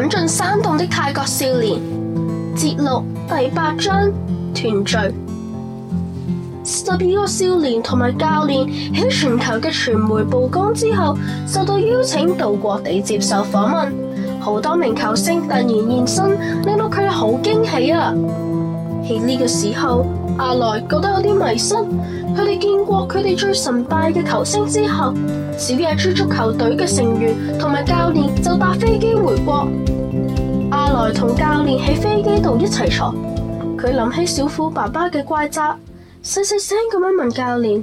闖進山洞的泰國少年，節錄第八章團聚。十二個少年同埋教練喺全球嘅傳媒曝光之後，受到邀請到國地接受訪問。好多名球星突然現身，令到佢好驚喜啊！喺呢個時候，阿來覺得有啲迷失。佢哋見過佢哋最崇拜嘅球星之後，小野豬足球隊嘅成員同埋教練就搭飛機回國。阿來同教練喺飛機度一齊坐，佢諗起小虎爸爸嘅怪責，細細聲咁樣問教練：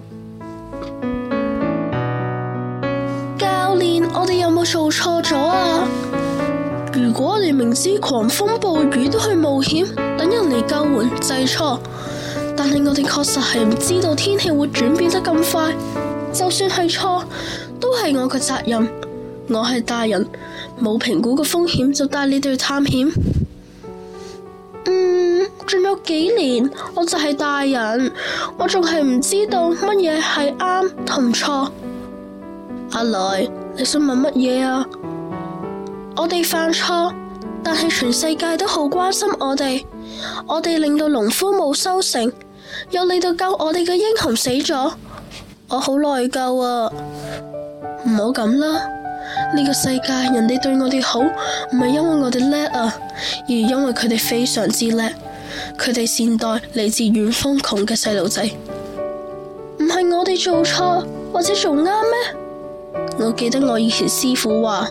「教練，我哋有冇做錯咗啊？如果你明知狂風暴雨都去冒險，等人嚟救援，係錯。但係我哋確實係唔知道天氣會轉變得咁快，就算係錯，都係我嘅責任。我係大人，冇評估嘅風險就帶你哋去探險。嗯，仲有幾年，我就係大人，我仲係唔知道乜嘢係啱同錯。阿來，你想問乜嘢啊？我哋犯錯，但係全世界都好關心我哋。我哋令到農夫冇收成，又令到救我哋嘅英雄死咗。我好內疚啊！唔好咁啦，呢個世界人哋對我哋好，唔係因為我哋叻啊，而因為佢哋非常之叻。佢哋善待嚟自遠方窮嘅細路仔，唔係我哋做錯或者做啱咩？我記得我以前師傅話，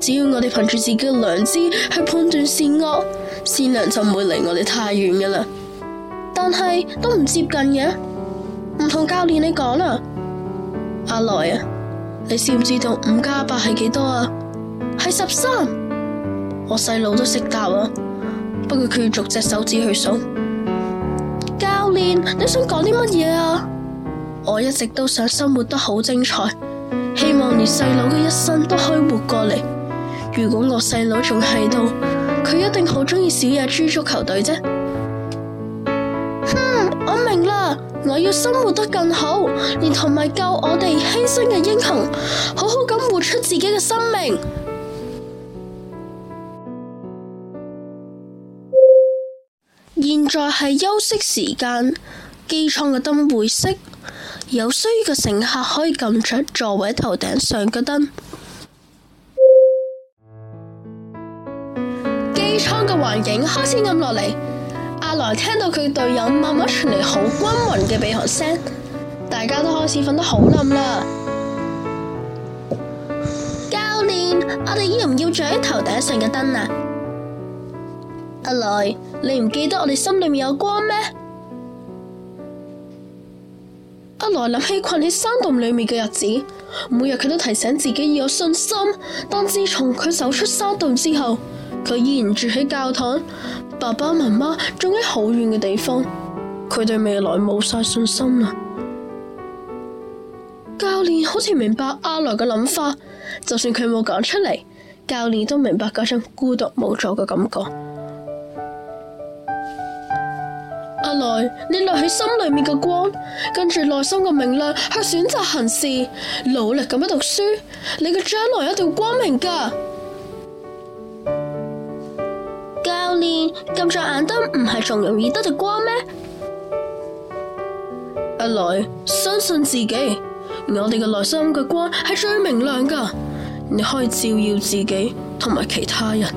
只要我哋憑住自己嘅良知去判斷善惡，善良就唔會離我哋太遠嘅啦。但係都唔接近嘅，唔同教練你講啦，阿來啊，你知唔知道五加八係幾多啊？係十三，我細佬都識答啊，不過佢要逐隻手指去數。教練，你想講啲乜嘢啊？我一直都想生活得好精彩。我連細佬嘅一生都可以活過嚟。如果我細佬仲喺度，佢一定好中意小野豬足球隊啫。哼、嗯，我明啦，我要生活得更好，連同埋救我哋犧牲嘅英雄，好好咁活出自己嘅生命。現在係休息時間，機艙嘅燈會熄。有需要嘅乘客可以撳着座位頭頂上嘅燈。機艙嘅環境開始暗落嚟，阿來聽到佢嘅隊友慢慢傳嚟好均勻嘅鼻鼾聲，大家都開始瞓得好沉啦。教練，我哋要唔要着喺頭頂上嘅燈啊？阿來，你唔記得我哋心裏面有光咩？阿來諗起困喺山洞裏面嘅日子，每日佢都提醒自己要有信心。但自從佢走出山洞之後，佢依然住喺教堂，爸爸媽媽仲喺好遠嘅地方，佢對未來冇晒信心啦。教練好似明白阿來嘅諗法，就算佢冇講出嚟，教練都明白嗰種孤獨無助嘅感覺。阿來，你留喺心裏面嘅光，跟住內心嘅明亮去選擇行事，努力咁樣讀書，你嘅將來一定光明噶。教練，撳着眼燈唔係仲容易得到光咩？阿、啊、來，相信自己，我哋嘅內心嘅光係最明亮噶，你可以照耀自己同埋其他人。